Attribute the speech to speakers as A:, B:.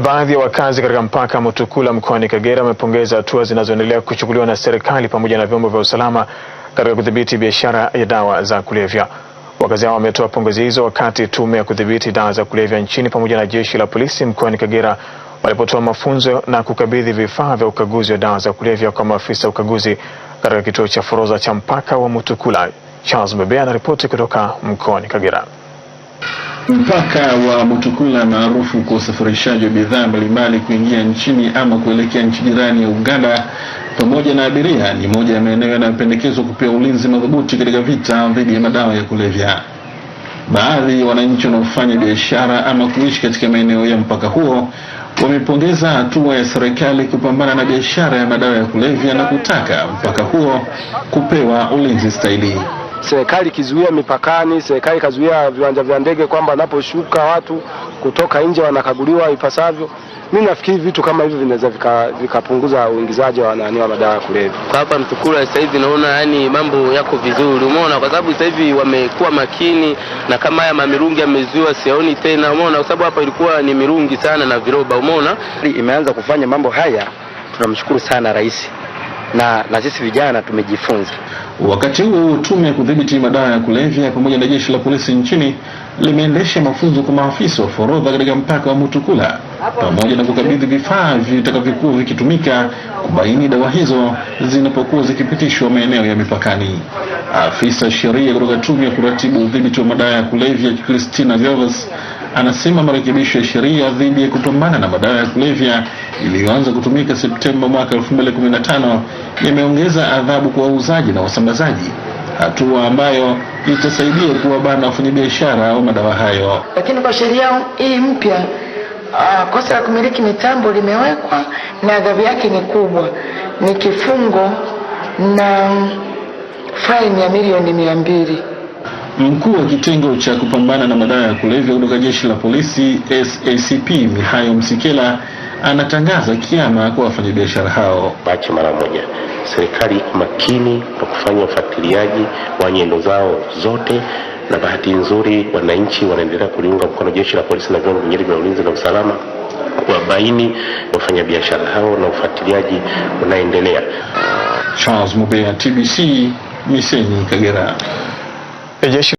A: Baadhi ya wakazi katika mpaka Mutukula mkoani Kagera wamepongeza hatua zinazoendelea kuchukuliwa na serikali pamoja na vyombo vya usalama katika kudhibiti biashara ya dawa za kulevya. Wakazi hao wametoa pongezi hizo wakati tume ya kudhibiti dawa za kulevya nchini pamoja na jeshi la polisi mkoani Kagera walipotoa mafunzo na kukabidhi vifaa vya ukaguzi wa dawa za kulevya kwa maafisa ukaguzi katika kituo cha forodha cha mpaka wa Mutukula. Charles Bebea anaripoti kutoka mkoani Kagera.
B: Mpaka wa Mutukula maarufu kwa usafirishaji wa bidhaa mbalimbali kuingia nchini ama kuelekea nchi jirani ya Uganda pamoja na abiria ni moja ya maeneo yanayopendekezwa kupewa ulinzi madhubuti katika vita dhidi ya madawa ya kulevya. Baadhi ya wananchi wanaofanya biashara ama kuishi katika maeneo ya mpaka huo wamepongeza hatua ya serikali kupambana na biashara ya madawa ya kulevya na kutaka mpaka huo kupewa ulinzi stahili
C: serikali ikizuia mipakani, serikali ikazuia viwanja vya ndege kwamba wanaposhuka watu kutoka nje wanakaguliwa ipasavyo. Mimi nafikiri vitu kama hivyo vinaweza vikapunguza vika uingizaji wa nani wa madawa ya kulevya.
D: Kwa hapa Mtukula sasa hivi naona yani mambo yako vizuri, umeona, kwa sababu sasa hivi wamekuwa makini, na kama haya mamirungi yamezuiwa sioni tena, umeona, kwa sababu hapa ilikuwa ni mirungi sana na viroba, umeona,
E: imeanza kufanya mambo haya. Tunamshukuru sana rais na, na sisi vijana tumejifunza.
B: Wakati huu tume ya kudhibiti madawa ya kulevya pamoja na jeshi la polisi nchini limeendesha mafunzo kwa maafisa wa forodha katika mpaka wa Mutukula pamoja na kukabidhi vifaa vitakavyokuwa vikitumika kubaini dawa hizo zinapokuwa zikipitishwa maeneo ya mipakani. Afisa sheria kutoka tume ya kuratibu udhibiti wa madawa ya kulevya Christina Gervas anasema marekebisho ya sheria dhidi ya kupambana na madawa ya kulevya iliyoanza kutumika Septemba mwaka 2015 yameongeza adhabu kwa wauzaji na wasambazaji, hatua ambayo itasaidia kuwabana wafanyabiashara wa madawa hayo.
F: Lakini kwa sheria hii mpya uh, kosa la kumiliki mitambo limewekwa na adhabu yake ni kubwa, ni kifungo na faini ya milioni mia mbili.
B: Mkuu wa kitengo cha kupambana na madawa ya kulevya kutoka jeshi la polisi SACP Mihayo Msikela anatangaza kiama kwa wafanyabiashara hao.
G: Bache mara moja, serikali makini kwa kufanya ufuatiliaji wa nyendo zao zote, na bahati nzuri wananchi wanaendelea kuliunga mkono jeshi la polisi na vyombo vingine vya ulinzi na usalama kuwabaini wafanyabiashara hao na ufuatiliaji unaendelea.
B: Charles Mubea, TBC, miseni Kagera. исходящих